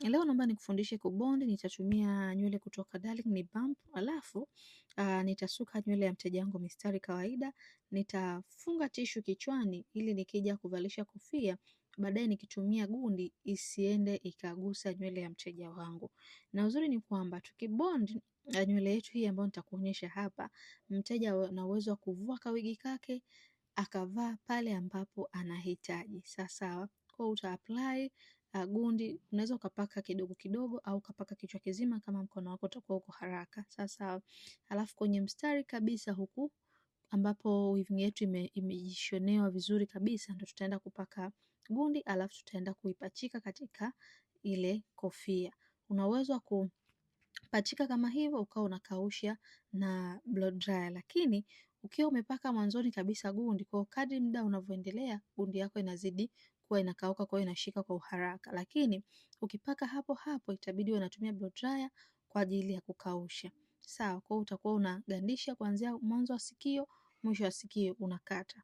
Leo naomba nikufundishe kubondi. Nitatumia nywele kutoka Darling ni Bump, alafu uh, nitasuka nywele ya mteja wangu mistari kawaida. Nitafunga tishu kichwani ili nikija kuvalisha kofia baadaye nikitumia gundi isiende ikagusa nywele ya mteja wangu. Na uzuri ni kwamba tukibondi ah, nywele yetu hii ambayo nitakuonyesha hapa, mteja ana uwezo wa kuvua kawigi kake akavaa pale ambapo anahitaji. Sawa sawa, kwa apply Uh, gundi unaweza ukapaka kidogo kidogo au ukapaka kichwa kizima kama mkono wako utakuwa uko haraka. Sasa alafu kwenye mstari kabisa huku ambapo weaving yetu imejishonewa ime vizuri kabisa, ndo tutaenda kupaka gundi, alafu tutaenda kuipachika katika ile kofia. Una uwezo wa kupachika kama hivyo ukawa unakausha na blow dryer, lakini ukiwa umepaka mwanzoni kabisa gundi, kwa kadri muda unavyoendelea gundi yako inazidi huwa inakauka, kwa hiyo inashika kwa uharaka, lakini ukipaka hapo hapo itabidi unatumia blow dryer kwa ajili ya kukausha. Sawa, kwa utakuwa unagandisha kuanzia mwanzo wa sikio mwisho wa sikio unakata.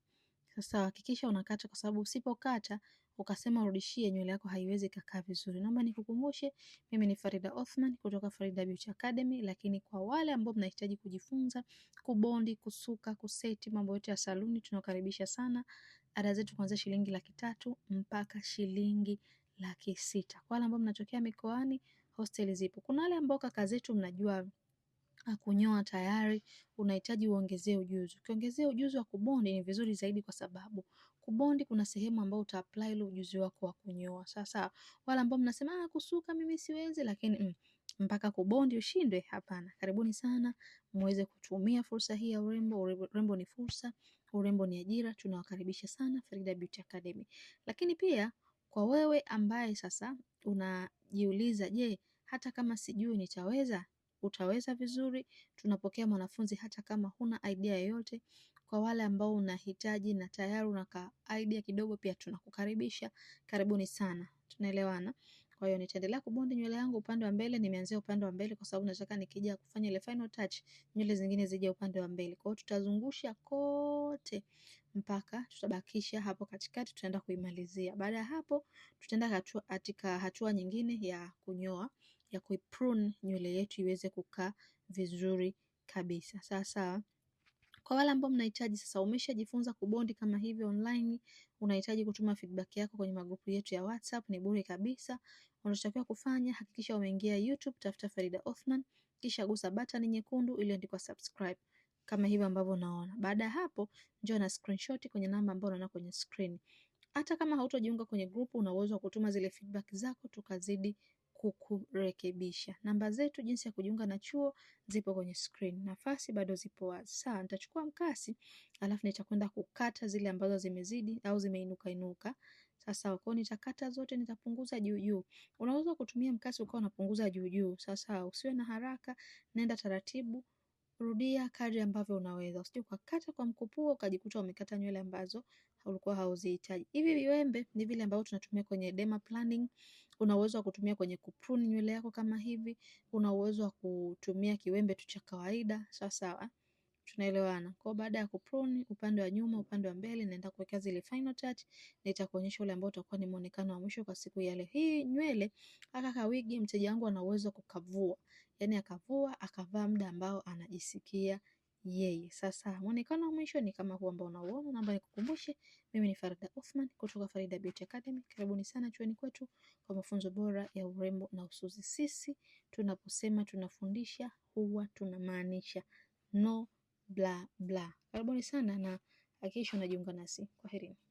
Sasa hakikisha unakata kwa sababu usipokata ukasema urudishie nywele yako haiwezi kukaa vizuri. Naomba nikukumbushe, mimi ni Farida Othman kutoka Farida Beauty Academy, lakini kwa wale ambao mnahitaji kujifunza kubondi, kusuka, kuseti, mambo yote ya saluni tunakaribisha sana ada zetu kuanzia shilingi laki tatu mpaka shilingi laki sita. Kwa wale ambao mnatokea mikoani, hosteli zipo. Kuna wale ambao kaka zetu mnajua akunyoa ah, tayari, unahitaji uongezee ujuzi. Ukiongezea ujuzi wa kubondi ni vizuri zaidi, kwa sababu kubondi kuna sehemu ambayo utaapply ile ujuzi wako wa kunyoa. Sasa wale ambao mnasema ah, kusuka mimi siwezi, lakini mm, mpaka kubondi ushindwe, hapana. Karibuni sana muweze kutumia fursa hii ya urembo. Urembo ni fursa, urembo ni ajira. Tunawakaribisha sana Farida Beauty Academy. Lakini pia kwa wewe ambaye sasa unajiuliza, je, hata kama sijui nitaweza? Utaweza vizuri. Tunapokea mwanafunzi hata kama huna idea yoyote. Kwa wale ambao unahitaji na tayari una idea kidogo, pia tunakukaribisha. Karibuni sana, tunaelewana. Kwa hiyo nitaendelea kubondi nywele yangu upande wa mbele, nimeanzia upande wa mbele kwa sababu nataka nikija kufanya ile final touch nywele zingine zije upande wa mbele. Kwa hiyo tutazungusha kote mpaka tutabakisha hapo katikati, tutaenda kuimalizia. Baada ya hapo, tutaenda katika hatua nyingine ya kunyoa, ya kuiprune nywele yetu iweze kukaa vizuri kabisa. Sasa kwa wale ambao mnahitaji sasa, umeshajifunza kubondi kama hivi online, unahitaji kutuma feedback yako kwenye magrupu yetu ya WhatsApp, ni bure kabisa. Unachotakiwa kufanya, hakikisha umeingia YouTube, tafuta Farida Othman, kisha gusa batani nyekundu iliyoandikwa subscribe kama hivyo ambavyo unaona. Baada ya hapo, njoo na screenshot kwenye namba ambayo unaona kwenye screen. Hata kama hautojiunga kwenye grupu, una uwezo wa kutuma zile feedback zako tukazidi kukurekebisha. Namba zetu jinsi ya kujiunga na chuo zipo kwenye screen. Nafasi bado zipo wazi. Sasa nitachukua mkasi alafu nitakwenda kukata zile ambazo zimezidi au zimeinuka inuka. Sasa kwa nitakata zote, nitapunguza juu juu. Unaweza kutumia mkasi ukawa unapunguza juu juu. Sasa usiwe na haraka, nenda taratibu, rudia kadri ambavyo unaweza. Usije ukakata kwa mkupuo ukajikuta umekata nywele ambazo ulikuwa hauzihitaji. Hivi viwembe ni vile ambavyo tunatumia kwenye dema planning Una uwezo wa kutumia kwenye kuprune nywele yako kama hivi, una uwezo wa kutumia kiwembe tu cha kawaida, sawa sawa. Tunaelewana. Kwa baada ya kuprune upande wa nyuma, upande wa mbele, naenda kuwekea zile final touch, nitakuonyesha ule ambao utakuwa ni muonekano wa mwisho kwa siku ya leo Hii nywele aka kawigi, mteja wangu ana uwezo kukavua, yani akavua akavaa muda ambao anajisikia yeye. Sasa mwonekano wa mwisho ni kama huu ambao unauona, naomba nikukumbushe, mimi ni Farida Othman kutoka Farida Beauty Academy. Karibuni sana chuoni kwetu kwa mafunzo bora ya urembo na ususi. Sisi tunaposema tunafundisha huwa tunamaanisha, no bla bla. Karibuni sana na hakikisha unajiunga nasi. Kwaherini.